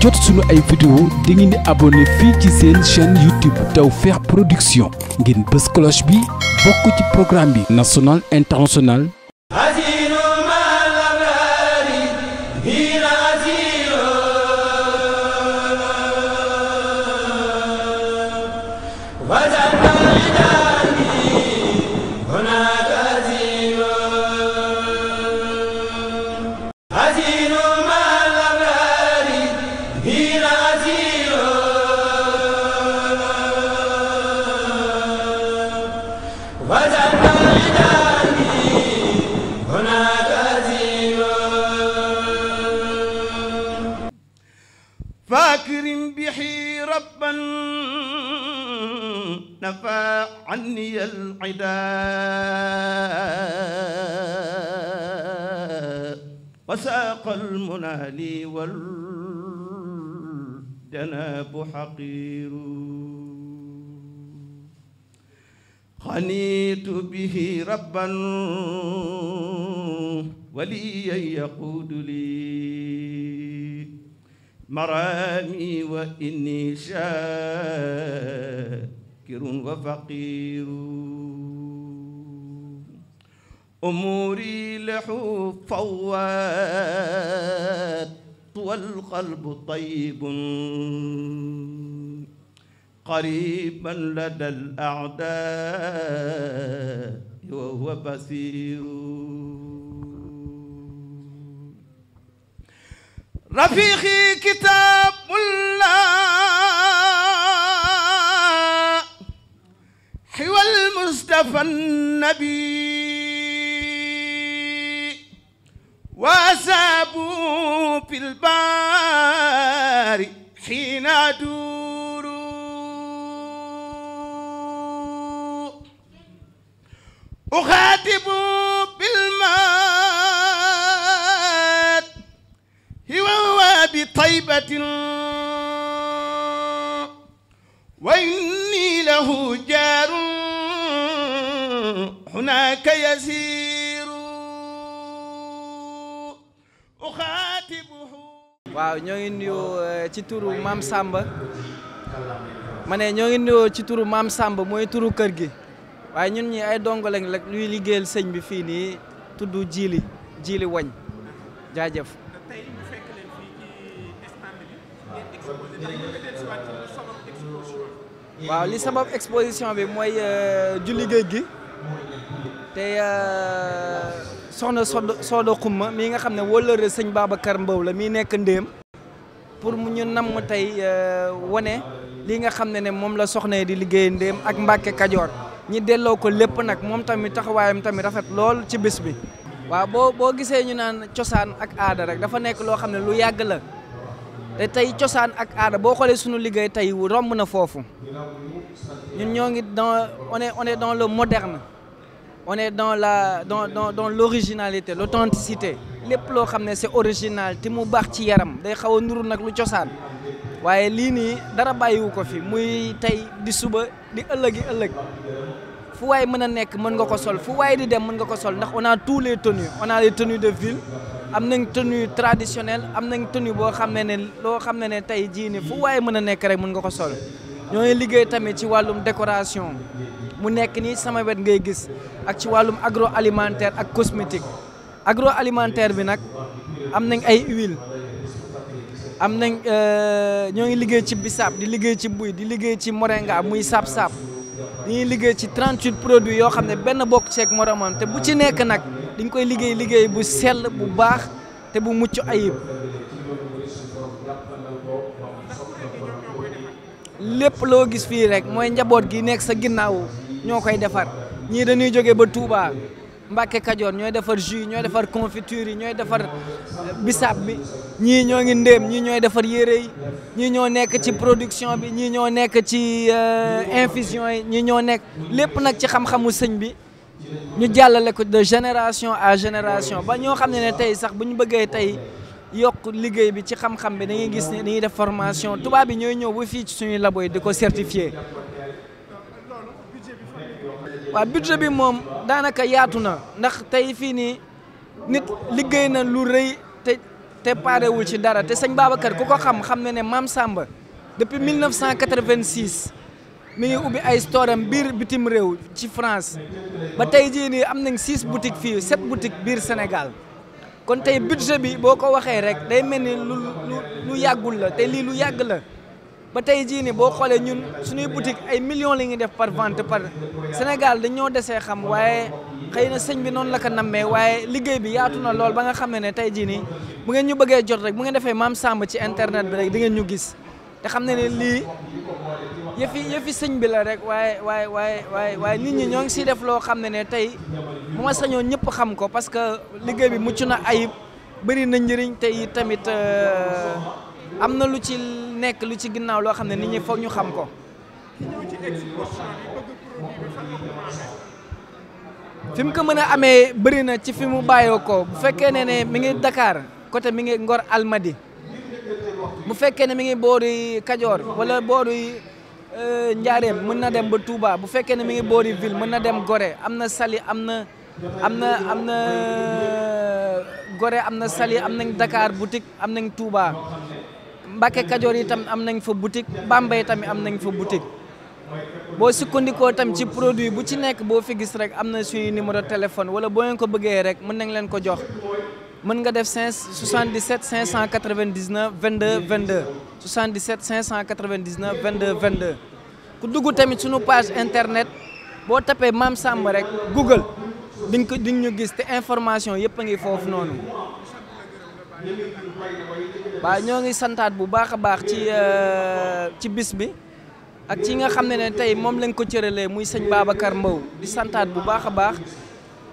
jot suñu ay vidéo da ngeen di abonné fii ci seen chaîne YouTube Tawfekh Production ngeen bës cloche bi bokk ci programme bi national international فاكرم به ربا نفى عني العداء وساق المنى لي والجناب حقير خنيت به ربا وليا يقود لي maraami wa inni shaakirun wa faqiirun umuuri lahu fawwaat wal qalbu tayyibun qariiban ladal a'daa wa huwa basiirun rafiqi kitaabullah xiwal mustafa nabi wasaabu fil baari xiina duuru uxaatibu bil maa بطيبة وإني له جار هناك waaw ñoo ngi eh, ci turu maam sàmba ma ñoo ngi ci turu maam Samba mooy turu kër gi waaye ñun ñi ay dongo lañ liggéey luy liggéeyal bi fii nii tudd jiili jiili wañ jaajëf waaw li sabab exposition bi mooy euh, julli liggéey gi te euh, soxna Sodo Sodo Xumma mii nga xam ne wóllëre sëñ Babacar Mbow la mii nekk ndéem pour mu ñu namm tey euh, wane li nga xam ne ne moom la soxna yi di liggéey ndéem ak Mbàkke Kajoor ñi delloo ko lépp nag moom tamit taxawaayam tamit rafet lool ci bis bi waaw boo boo gisee ñu naan cosaan ak aada rek dafa nekk loo xam ne lu yàgg la te tey cosaan ak aada boo xoolee suñu liggéey tey romb na foofu ñun ñoo ngi dans on on est le moderne one dans la dans dans dans l'originalité l'authenticité lépp loo xam ne c'est original te mu baax ci yaram day xaw a nuru nag lu cosaan waaye lii nii dara bàyyiwu ko fi muy tey di suba di ëllëgi ëllëg fu waay mën a nekk mën nga ko sol fu waay di dem mën nga ko sol ndax on a tous les tenues on a de ville am nañ tenue traditionnelle am nañ tenue boo xam ne ne loo xam ne ne tey jii nii fu waaye mën a nekk rek mën nga ko sol ñoo liggéey tamit ci wàllum décoration mu nekk nii sama wet ngay gis ak ci wàllum alimentaire ak agro alimentaire bi nag am nañ ay huile am nañ euh, ñoo ngi liggéey ci bisaab di liggéey ci buy di liggéey ci moringa muy saab-saab dañuy liggéey ci 38 produits yoo xam ne benn bokk ceeg moromam te bu ci nekk nag dañ koy liggéey liggéey bu sell bu baax te bu mucc ayib lépp loo gis fii rek mooy njaboot gi nekk sa ginnaaw ñoo koy defar ñii dañuy jóge ba Touba Mbàkke Kajoor ñooy defar jus ñooy defar confiture yi ñooy defar bisaab bi ñii ñoo ngi ndéem ñii ñooy defar yére yi ñii ñoo nekk ci production bi ñii ñoo nekk ci euh, infusion yi ñii ñoo nekk lépp nag ci xam-xamu sëñ bi ñu jàllale ko de génération à génération ba ñoo xam ne ne tey sax bu ñu bëggee tey yokk liggéey bi ci xam-xam bi dañuy gis ne dañuy def formation tubaab bi ñooy ñëw ba fii ci suñuy labo yi di ko certifié waa budget bi moom daanaka yaatu na ndax tey fii nii nit liggéey na lu rëy te te paarewul ci dara te sëñ Babacar ku ko xam xam na ne Maam Samba depuis 1986 mi ngi ubbi ay store am biir bitim réew ci France ba tey jii nii am nañ six boutiques fii sept boutiques biir Sénégal kon tey budget bi boo ko waxee rek day mel ni lu lu lu yàggul la te lii lu yàgg la. ba tey jii ni boo xoolee ñun suñuy boutique ay millions la ñuy def par vente par Sénégal dañoo desee xam waaye xëy na sëñ bi noonu la ko nammee waaye liggéey bi yaatu na lool ba nga xam ne ne tey jii nii bu ngeen ñu bëggee jot rek bu ngeen defee maam Samb ci internet bi rek di ngeen ñu gis te xam ne ne lii yëfi yëfi sëñ bi la rek waaye waaye waaye waaye waaye nit ñi ñoo ngi siy def loo xam ne ne tey bu ma sañoon ñëpp xam ko parce que liggéey bi mucc na ayib bëri na njëriñ te tamit euh, am na ci. nekk lu ci ginnaaw loo xam ne ni ñi foog ñu xam ko. fi mu ko mën a amee bëri na ci fi mu bàyyoo ko bu fekkee ne ne mi ngi Dakar côté mi ngi Ngor Almadi bu fekkee ne mi ngi boori Kajoor wala boori euh, Njaareem mën na dem ba tuubaa bu fekkee ne mi ngi boori ville mën na dem gore am na sali am na am na am na gore am na Saly am nañ Dakar butik am nañ tuubaa Mbàkke Kajoor itam am nañ fa boutique Bambey tamit am nañ fa boutique boo sukkandikoo tam ci produit bu ci nekk boo fi gis rek am na suñu numéro téléphone wala boo leen ko bëggee rek mën nañ leen ko jox mën nga def 5 77 599 22 22 77 599 22 22 ku dugg tamit suñu page internet boo tapee Maam Samba rek Google di nga ko di ñu gis te information yëpp a ngi foofu noonu waaw ñoo ngi santaat bu baax a baax ci euh, ci bis bi ak ci nga xam ne ne tey moom lañ ko cëralee muy sëñ Babacar Mbow di santaat bu baax a baax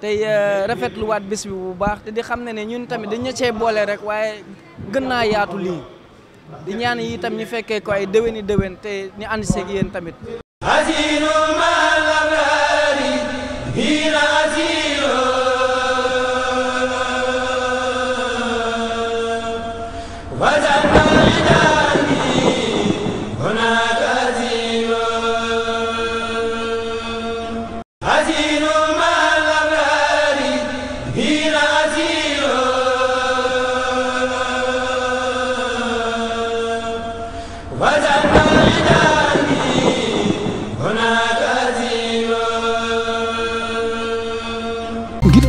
tey euh, rafetluwaat bis bi bu baax te di xam ne ne ñun tamit dañu cee boole rek waaye gën naa yaatu lii di ñaan yi itam ñu fekkee ko ay déwéni déwén te ni ànd seeg yéen tamit.